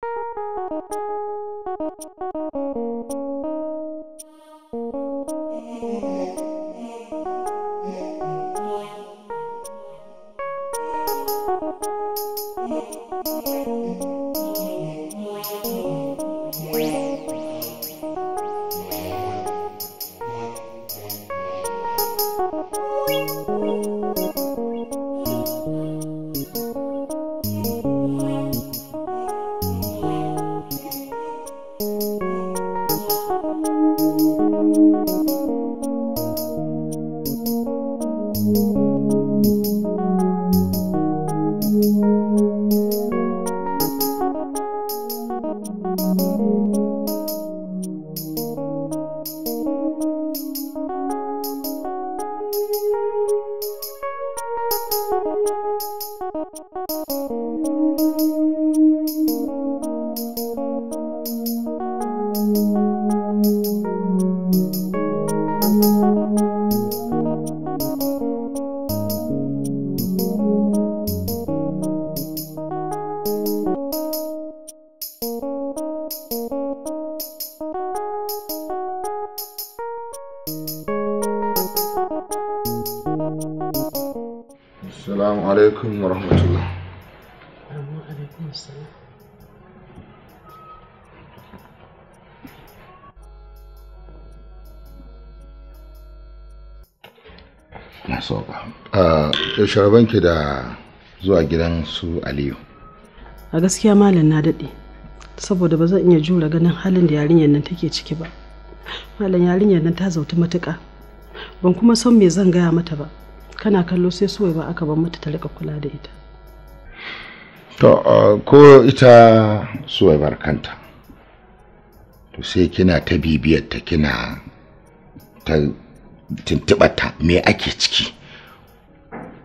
Thank you. Assalamu wa rahmatullah. Na soka. Ah, da zuwa gidan su Aliyu. A gaskiya malam na daɗe, saboda ba zan iya jura ganin halin da yarinyar nan take ciki ba. Malam yarinyar nan ta zauti matuƙa. ban kuma san me zan gaya mata ba kana kallo sai suwai ba aka ban mata ta rika kula da ita to ko ita suwai kanta to sai kina ta bibiyar ta kina ta tuntubata me ake ciki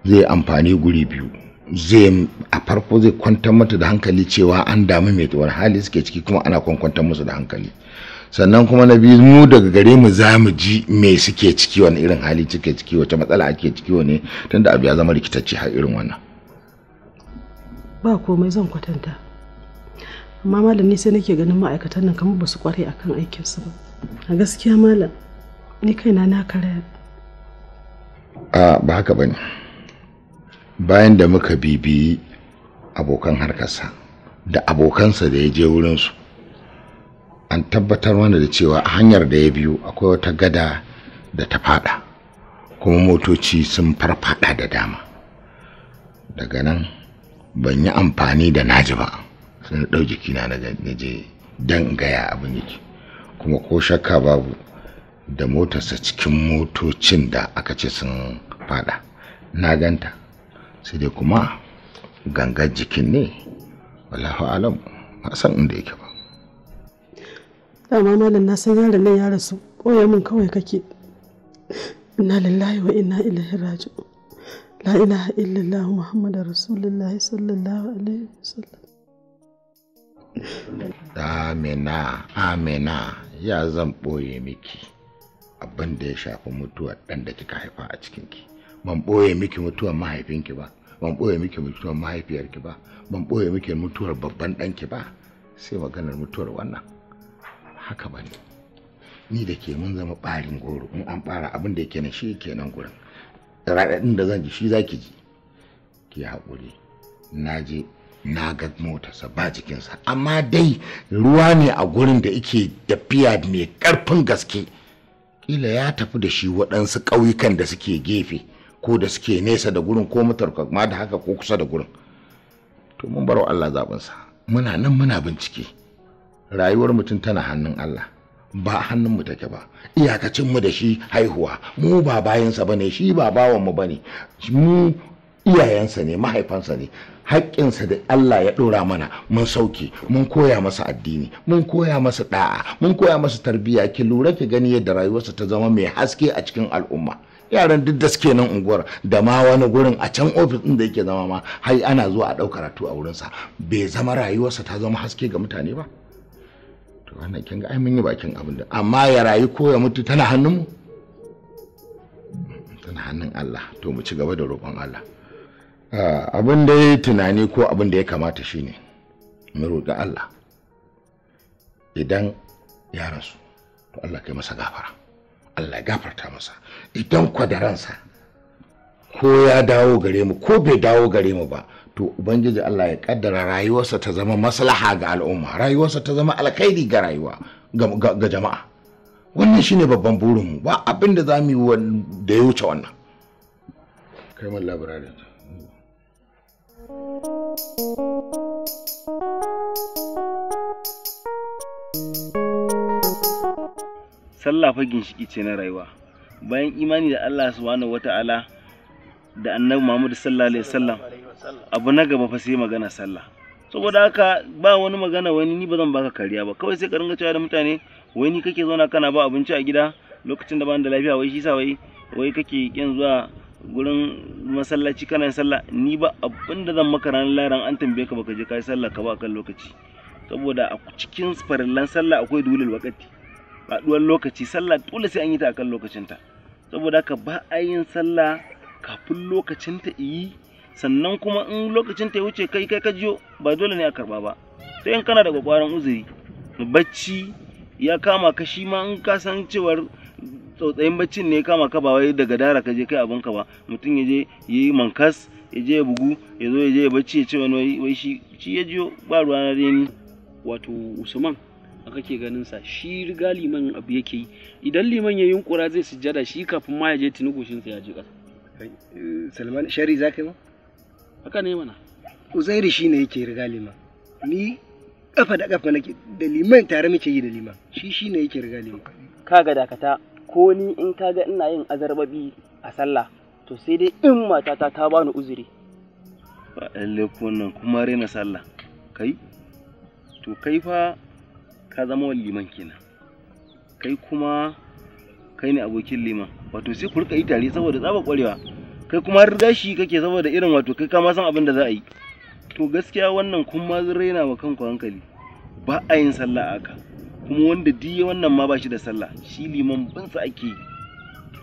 zai amfani guri biyu zai a farko zai kwantar mata da hankali cewa an damu mai wani hali suke ciki kuma ana kwankwantar musu da hankali sannan kuma na biyu mu daga gare mu za mu ji me suke ciki wani irin hali suke ciki wace matsala ake ciki wani tunda abu ya zama rikitacce har irin wannan ba komai zan kwatanta amma malam ni sai nake ganin ma'aikatan nan kamar ba su kware akan aikin su ba a gaskiya malam ni kaina na karaya a ba haka bane bayan da muka bibiyi abokan harkarsa da abokansa da ya je wurinsu an tabbatar mana da cewa a hanyar da ya biyu akwai wata gada da ta fada kuma motoci sun farfada da dama daga nan ban yi amfani da naji ba sun ɗau jikina na je don gaya abin yake kuma ko shakka babu da motarsa cikin motocin da aka ce sun fada na ganta sai dai kuma gangar jikin ne wallahu alam ba san inda yake ba dama malam na san yaron nan ya rasu koya min kawai kake inna lillahi wa inna ilaihi raji'un la ilaha illallah muhammadu rasulullahi sallallahu alaihi wasallam amina amina ya zan ɓoye miki abin da ya shafi mutuwar ɗan da kika haifa a cikinki ban ɓoye miki mutuwar mahaifinki ba ban ɓoye miki mutuwar mahaifiyarki ba ban ɓoye miki mutuwar babban ɗanki ba sai maganar mutuwar wannan haka ba ni da ke mun zama ɓarin goro in an ɓara abin da yake na shi kenan gurin raɗaɗin da zan ji shi zaki ji ki hakuri na na ga motarsa ba jikinsa amma dai ruwa ne a gurin da yake tafiya mai ƙarfin gaske kila ya tafi da shi waɗansu ƙauyukan da suke gefe ko da suke nesa da gurin ko mutar ma da haka ko kusa da gurin to mun bar Allah zaɓinsa muna nan muna bincike rayuwar mutum tana hannun Allah ba hannun ta take ba iyakacin mu da shi haihuwa mu ba bayansa ba ne shi ba bawan mu bane mu iyayensa ne mahaifansa ne haƙƙinsa da Allah ya ɗora mana mun sauke mun koya masa addini mun koya masa ɗa'a mun koya masa tarbiyya ki lura ki gani yadda rayuwarsa ta zama mai haske a cikin al'umma yaran duk da suke nan unguwar da ma wani gurin a can ofis ɗin da yake zama ma har ana zuwa a ɗau karatu a wurinsa bai zama rayuwarsa ta zama haske ga mutane ba to ana kin ga ai mun yi bakin abin da amma ya rayu ko ya mutu tana hannun mu tana hannun Allah to mu ci gaba da roƙon Allah ah, abin da ya tunani ko abin da ya kamata shine mu roƙi Allah idan ya rasu to Allah kai masa gafara Allah ya gafarta masa idan kwadaransa ko ya dawo gare mu ko bai dawo gare mu ba to ubangiji Allah ya kaddara rayuwarsa ta zama maslaha ga al'umma rayuwarsa ta zama alkhairi ga rayuwa ga jama'a wannan shine babban burin mu ba abin da za mu yi da ya wuce wannan kai mun labarai sallah fa ginshiki ce na rayuwa bayan imani da Allah subhanahu wata'ala da annabi Muhammadu sallallahu alaihi wasallam abu na gaba fa sai magana sallah saboda haka ba wani magana wani ni ba zan baka kariya ba kawai sai ka ringa cewa da mutane wai ni kake zauna kana ba abinci a gida lokacin da ba da lafiya wai shi sa wai wai kake kin zuwa gurin masallaci kana sallah ni ba abinda da zan maka ranar laran an tambaye ka baka je kai sallah ka ba kan lokaci saboda a cikin farillan sallah akwai dulul waqti faduwar lokaci sallah dole sai an yi ta akan lokacinta saboda haka ba a yin sallah kafin lokacin ta yi sannan kuma in lokacin ta wuce kai kai ka jiyo ba dole ne a karba ba sai in kana da gwaran uzuri bacci ya kama ka shi ma in ka san cewar tsautsayin baccin ne ya kama ka ba wai daga dara ka je kai abinka ba mutum ya je ya yi mankas ya je ya bugu ya zo ya je ya bacci ya ce wani wai shi shi ya jiyo ba ruwa na reni wato usman a kake ganin sa shi riga liman abu yake yi idan liman ya yunkura zai sujjada shi kafin ma ya je tunugushin sa ya ji ƙasa Eh, salman shari za ka yi ma haka ne mana uzairu shi ne yake riga liman ni kafa da kafa nake da liman tare muke yi da liman shi shi ne yake riga liman kaga dakata ko ni in kaga ina yin azarbabi a sallah to sai dai in matata ta bani uzuri ba lalle nan kuma rena sallah kai to kai fa ka zama liman kenan kai kuma kai ne abokin liman wato sai ku rika yi tare saboda tsaba kwarewa kai kuma har gashi kake saboda irin wato kai kama san abin da za a yi to gaskiya wannan kun ma raina wa kanku hankali ba a yin sallah aka kuma wanda diye wannan ma ba shi da sallah shi liman ban sa ake yi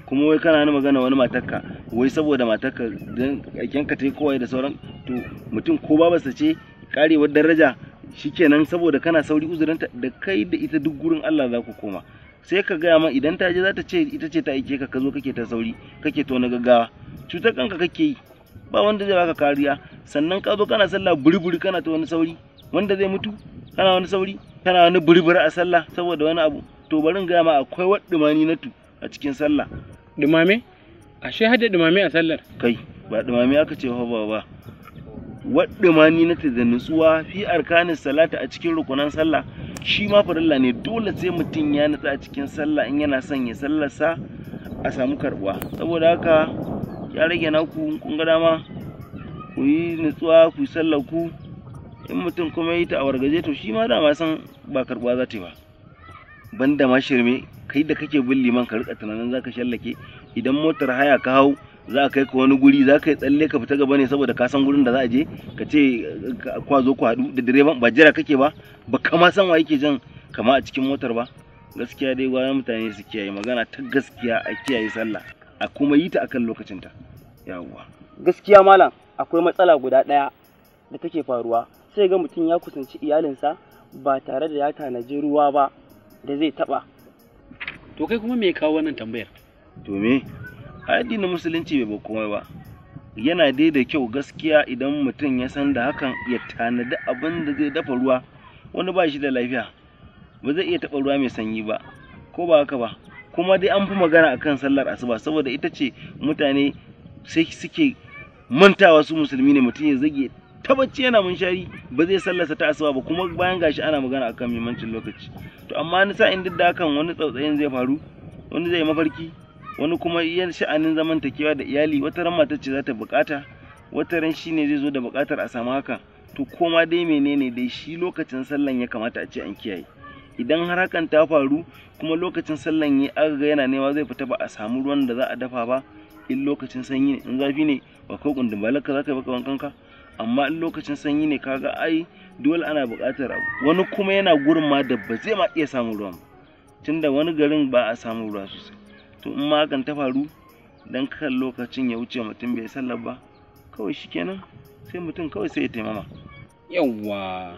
kuma wai kana ni magana wani matakka wai saboda matakka don aikenka ta yi kowai da sauran to mutum ko ba basa ce karewar daraja shikenan saboda kana sauri uzurinta da kai da ita duk gurin Allah za ku koma sai ka gaya ma idan ta je za ta ce ita ce ta aike ka ka zo kake ta sauri kake to na gaggawa cutar kanka kake yi ba wanda zai baka kariya sannan ka zo kana sallah buriburi kana ta wani sauri wanda zai mutu kana wani sauri kana wani buriburi a sallah saboda wani abu to barin gaya ma akwai waɗumani na tu a cikin sallah dumame ashe hada dumame a sallar kai ba dumame aka ce ba ba waɗumani na da nutsuwa fi arkanin salata a cikin rukunan sallah shi ma farilla ne dole sai mutum ya nutsa a cikin sallah in yana son ya sallarsa a samu karbuwa saboda haka ya rage naku kun ga dama ku yi nutsuwa ku sallar ku in mutum kuma yi ta a wargaje to shi ma dama san ba karbuwa za ta yi ba banda ma shirme kai da kake bin liman ka rika tunanin zaka shallake idan motar haya ka hau za a kai ka wani guri za ka yi tsalle ka fita gaba ne saboda ka san gurin da za a je ka ce kwa zo ku haɗu da direban ba jira kake ba ba kama san wa yake jan kama a cikin motar ba gaskiya dai gwara mutane su kiyaye magana ta gaskiya a kiyaye sallah a kuma yi ta akan lokacinta yawwa gaskiya malam akwai matsala guda ɗaya da take faruwa sai ga mutum ya kusanci iyalinsa ba tare da ya tanaji ruwa ba da zai taɓa to kai kuma me kawo wannan tambayar to me addinin musulunci bai komai ba yana dai da kyau gaskiya idan mutum ya san da hakan ya tanadi abin da zai dafa ruwa wani ba shi da lafiya ba zai iya taɓa ruwa mai sanyi ba ko ba haka ba kuma dai an fi magana akan sallar asuba saboda ita ce mutane sai suke mantawa su musulmi ne mutum ya zage tabbaci yana munshari ba zai sallarsa ta asuba ba kuma bayan gashi ana magana akan muhimmancin lokaci to amma na sa'in duk da hakan wani tsautsayin zai faru wani zai mafarki wani kuma ya sha'anin zamantakewa da iyali wata ran matar ce za ta bukata wata ran ne zai zo da bukatar a samu haka to koma dai menene dai shi lokacin sallan ya kamata a ce an kiyaye idan har hakan ta faru kuma lokacin sallan ya aka ga yana nema zai fita ba a samu ruwan da za a dafa ba in lokacin sanyi ne in zafi ne ba ko kundin ka za ka baka wankan ka amma in lokacin sanyi ne kaga ai dole ana buƙatar abu wani kuma yana gurin ma da ba zai ma iya samun ruwan ba tunda wani garin ba a samun ruwa sosai to in ma hakan ta faru dan kan lokacin ya wuce mutum bai sallar ba kawai shikenan sai mutum kawai sai ya taimama yawwa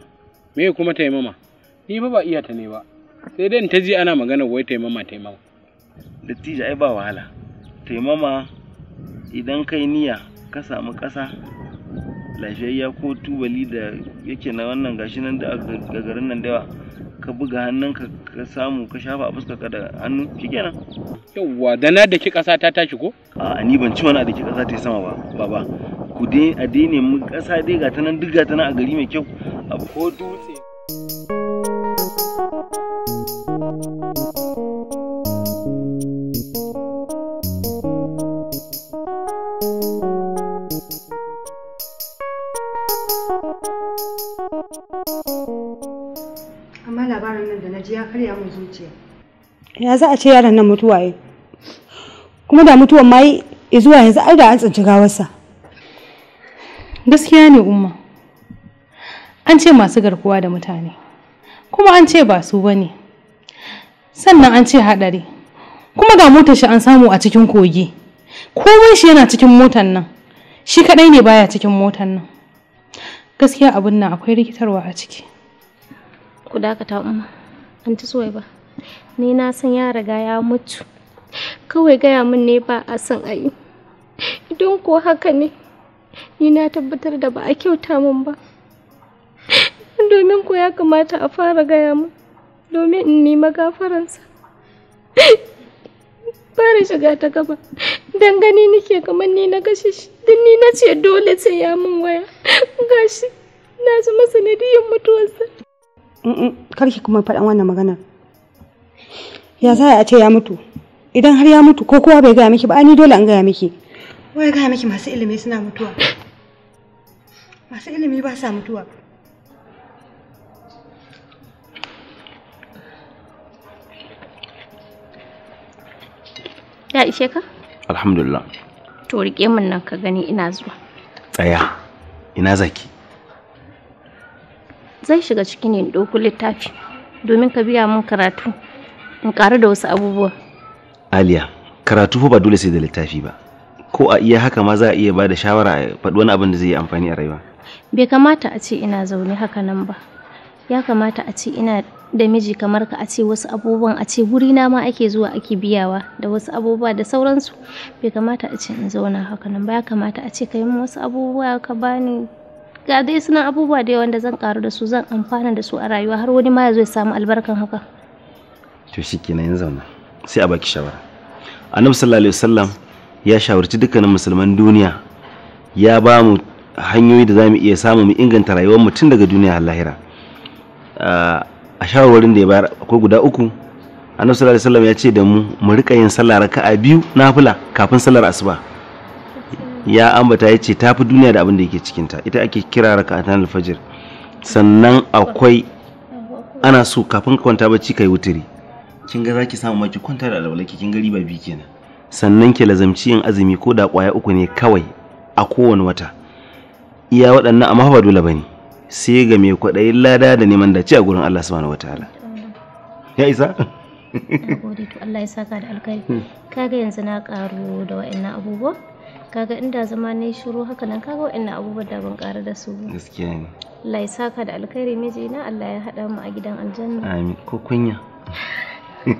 me kuma taimama ni ba ba iya ta ne ba sai dai ta ji ana magana wai taimama taimama tija ai ba wahala taimama idan kai niyya ka samu ƙasa lafiyayya ko tubali da yake na wannan gashi nan da a garin nan da ka buga hannunka ka samu ka shafa a fuskarka da hannu kenan yawwa da na da kika sa ta tashi ko a ni ban ci wani da kika sa ta sama ba baba ku dai a daina mu kasa dai ga ta nan duk ga ta nan a gari mai kyau ko dutse ya za a ce yaron nan mutuwa yi kuma da mutuwan ma zuwa yanzu ai da an tsinci gawarsa gaskiya ne umma an ce masu garkuwa da mutane kuma an ce ba su bane sannan an ce haɗari kuma ga motar shi an samu a cikin kogi kowai shi yana cikin motar nan shi kaɗai ne baya cikin motar nan gaskiya abin nan akwai rikitarwa a ciki ku dakata umma an ci ba ni na san ya riga ya mutu kawai gaya min ne ba a san a yi idan ko haka ne ni na tabbatar da ba a kyauta min ba domin ko ya kamata a fara gaya min domin in nima gafaransa fara shiga ta gaba dan gani nike kamar ni na gashi shi din ni na ce dole sai ya min waya gashi na zama masa sanadiyar mutuwarsa kar ki kuma faɗan wannan maganar ya za a ce ya mutu idan har ya mutu ko kowa bai gaya miki ba ni dole an gaya miki wai gaya miki masu ilimi suna mutuwa masu ilimi ba sa mutuwa ya ishe ka alhamdulillah to rike min nan ka gani ina zuwa tsaya ina zaki zai shiga cikin yin dogon littafi domin ka biya min karatu in ƙaru da wasu abubuwa aliya karatu fa ba dole sai da littafi ba ko a iya haka ma za a iya ba da shawara a faɗi wani abin da zai yi amfani a rayuwa bai kamata a ce ina zaune haka nan ba ya kamata a ce ina da miji kamar ka a ce wasu abubuwan a ce guri na ma ake zuwa ake biyawa da wasu abubuwa da sauransu bai kamata a ce in zauna haka nan ba ya kamata a ce ka yi wasu abubuwa ka bani ga dai suna abubuwa da yawa wanda zan karu da su zan amfana da su a rayuwa har wani ma ya zo ya samu albarkan haka to shikenan yanzu zauna sai a baki shawara annabi sallallahu alaihi wasallam ya shawarci dukkanin musulman duniya ya ba mu hanyoyi da zamu iya samu mu inganta rayuwar mu tun daga duniya har lahira a shawarwarin da ya bayar akwai guda uku annabi sallallahu alaihi wasallam ya ce da mu mu rika yin sallah raka'a biyu nafila kafin sallar asuba ya ambata ya ce tafi duniya da abin da yake cikinta ita ake kira raka'atan alfajir sannan akwai ana so kafin ka kwanta bacci kai wuturi kin ga zaki samu maki kwanta da alwalaki kin ga riba bi kenan sannan ki lazamci yin azumi ko da kwaya uku ne kawai a kowane wata iya waɗannan amma ba dole bane sai ga mai kwaɗayin lada da neman ci a gurin Allah subhanahu wataala ya isa gode to Allah ya saka da alkhairi kaga yanzu na karo da wa'annan abubuwa kaga inda zama ne shiru haka nan kaga wa'annan abubuwa da ban karu da su gaskiya ne Allah ya saka da alkhairi mijina Allah ya hada mu a gidan aljanna amin ko kunya Ni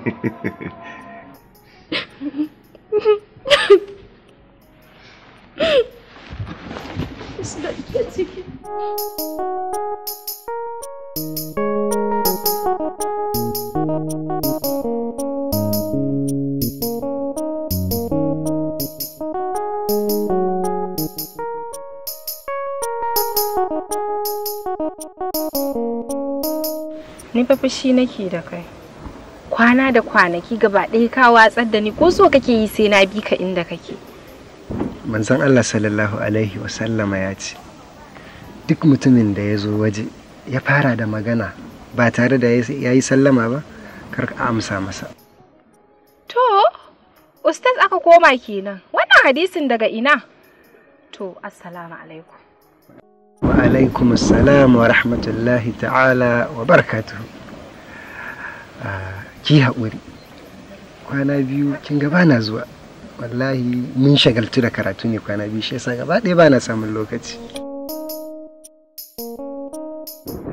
fa fushi nake da kai. kwana da kwanaki gaba ɗaya ka watsar da ni ko so kake yi sai na bi ka inda kake manzon Allah sallallahu alaihi wasallama ya ce duk mutumin da ya zo waje ya fara da magana ba tare da ya yi sallama ba kar ka amsa masa to ustaz aka koma kenan wannan hadisin daga ina to assalamu alaikum wa alaikum assalam wa rahmatullahi ta'ala wa barakatuhu ah, ki haƙuri kwana biyu kin ga bana zuwa wallahi mun shagaltu da karatu ne kwana biyu shi yasa gaba ɗaya bana samun lokaci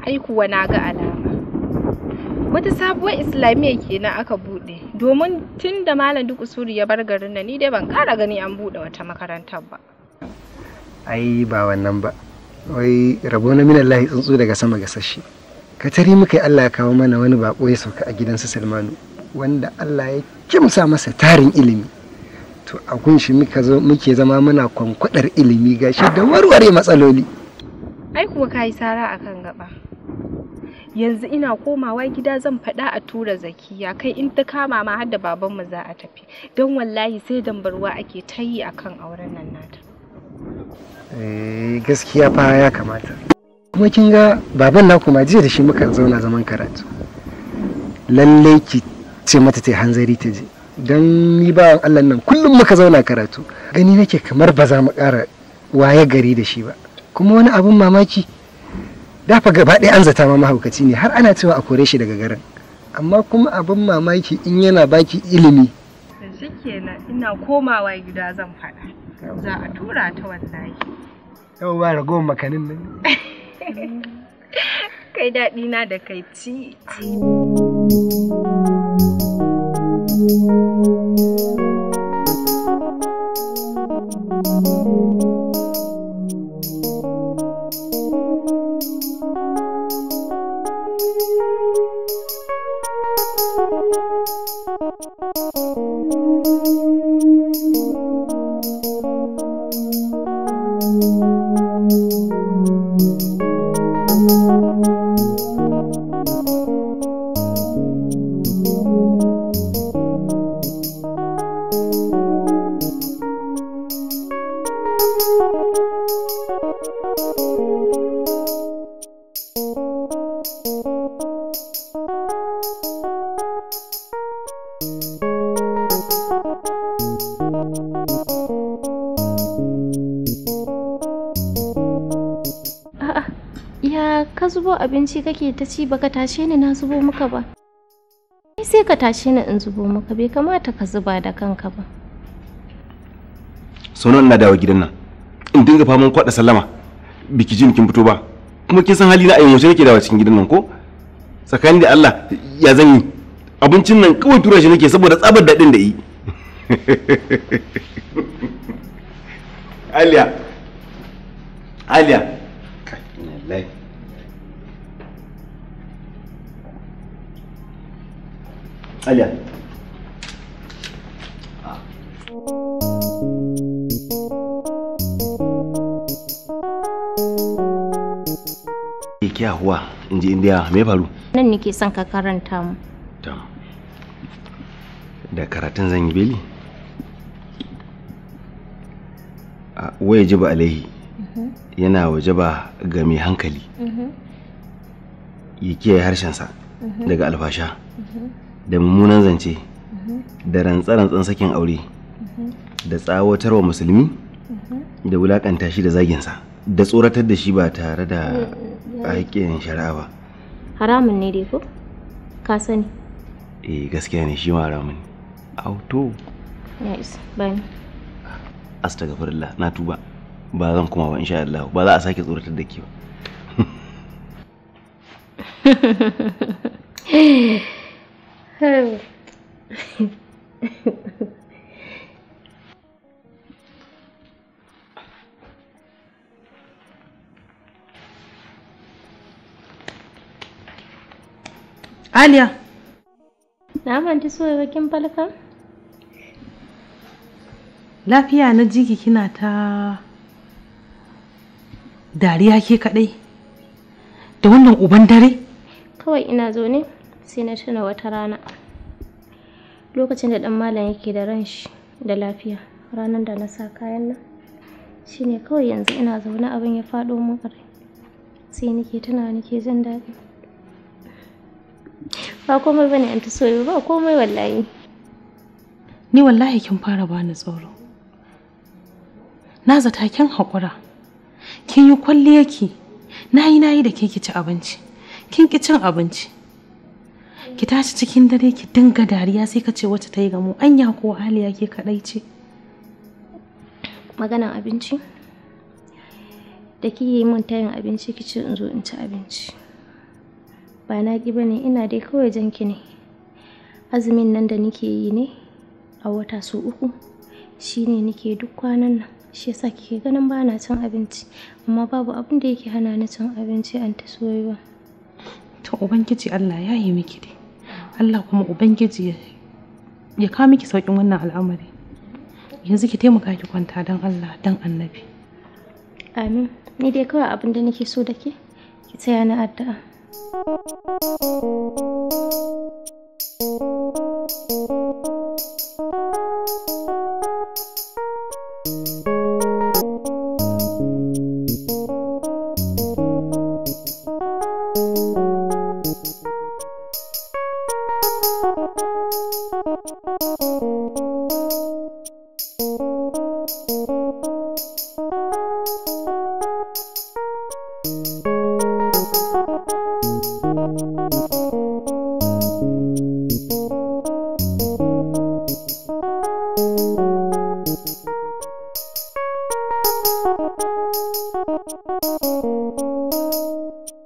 ai na ga alama wata sabuwar islamiyya kenan aka buɗe, domin tun da malam duk usuri ya bar garin nan ni dai ban kara gani an buɗe wata makarantar ba ai ba wannan ba wai rabo na minallahi tsuntsu daga sama ga sashi katari muka yi Allah ya kawo mana wani bako ya sauka a gidansa Salmanu wanda Allah ya kimsa masa tarin ilimi to a kunshi muke zama muna kwankwadar ilimi gashi da warware matsaloli ai kuma ka sara akan gaba yanzu ina komawa gida zan faɗa a tura zakiya kai in ta kama ma har da babanmu za a tafi don wallahi sai dambarwa ake tayi akan a kan auren nan nata eh, gaskiya fa ya kamata kuma kin ga baban na kuma jiya da shi muka zauna zaman karatu lallai ki ce mata ta hanzari ta je don ni ba Allah nan kullum muka zauna karatu gani nake kamar ba za mu ƙara waye gari da shi ba kuma wani abun mamaki dafa gaba ɗaya an zata ma mahaukaci ne har ana cewa a kore shi daga garin amma kuma abin mamaki in yana baki ilimi ina komawa gida zan faɗa za a tura ta wallahi yau ba ragowar makanin nan kai daɗi na da kai ci. Ya ka zubo abinci kake ta ci baka tashe ni na zubo maka ba. Ai sai ka tashe ni in zubo maka bai kamata ka zuba da kanka ba. Sono ina dawo gidan nan. In dinga faman kwaɗa sallama. Biki jin kin fito ba. Kuma kin san hali na a yaushe nake dawo cikin gidan nan ko? tsakanin da Allah ya zan yi. Abincin nan kawai tura shi nake saboda tsabar daɗin da yi. aliya aliya aliya kya huwa in ji indiya me faru nan nake son ka karanta mu da karatun zan yi beli waya jiba alaihi mhm. yana waje ba ga mai hankali mhm. ya kiyaye harshensa mhm. daga alfasha da mummunan zance da rantsarantsan rantsan sakin aure da tsawatarwa musulmi da wulakanta shi da zaginsa da tsoratar da shi ba tare da mm, mm, mm. haƙƙin shari'a ba haramun ne dai ko ka sani eh gaskiya ne shi ma haramun ne auto ya isa astagfirullah na tuba ba zan kuma ba insha Allah ba za a sake tsoratar da ke ba Aliya. Na manta so kin falkan? lafiya na jiki kina ta dariya ke kadai da wannan uban dare kawai ina zo ne sai na tuna wata rana lokacin da dan malam yake da ran shi da lafiya ranar da na sa kayan nan shine kawai yanzu ina zaune abin ya faɗo mun ƙarai sai nake tuna nake jin daɗi ba komai bane an ta soyo ba komai wallahi ni wallahi kin fara bani tsoro na zata kin haƙura kin yi kwalliya ki na yi na da ke ki ci abinci kin ki cin abinci ki tashi cikin dare ki dinga dariya sai ka ce wacce ta yi gamu anya ko haliya ke kaɗai ce maganan abinci da ki yi min tayin abinci ki ce in zo in ci abinci ba na ki bane ina dai kawai janki ne azumin nan da nike yi ne a wata su uku shine nike duk kwanan nan shi yasa kike ganin ba na cin abinci amma babu abin da yake hana ni cin abinci an ta soyuwa to ubangiji Allah ya yi miki dai Allah kuma ubangiji ya kawo miki saukin wannan al'amari yanzu ki taimaka ki kwanta don Allah don annabi amin ni dai kawai abin da nake so da ke ki tsaya na addu'a Thank you.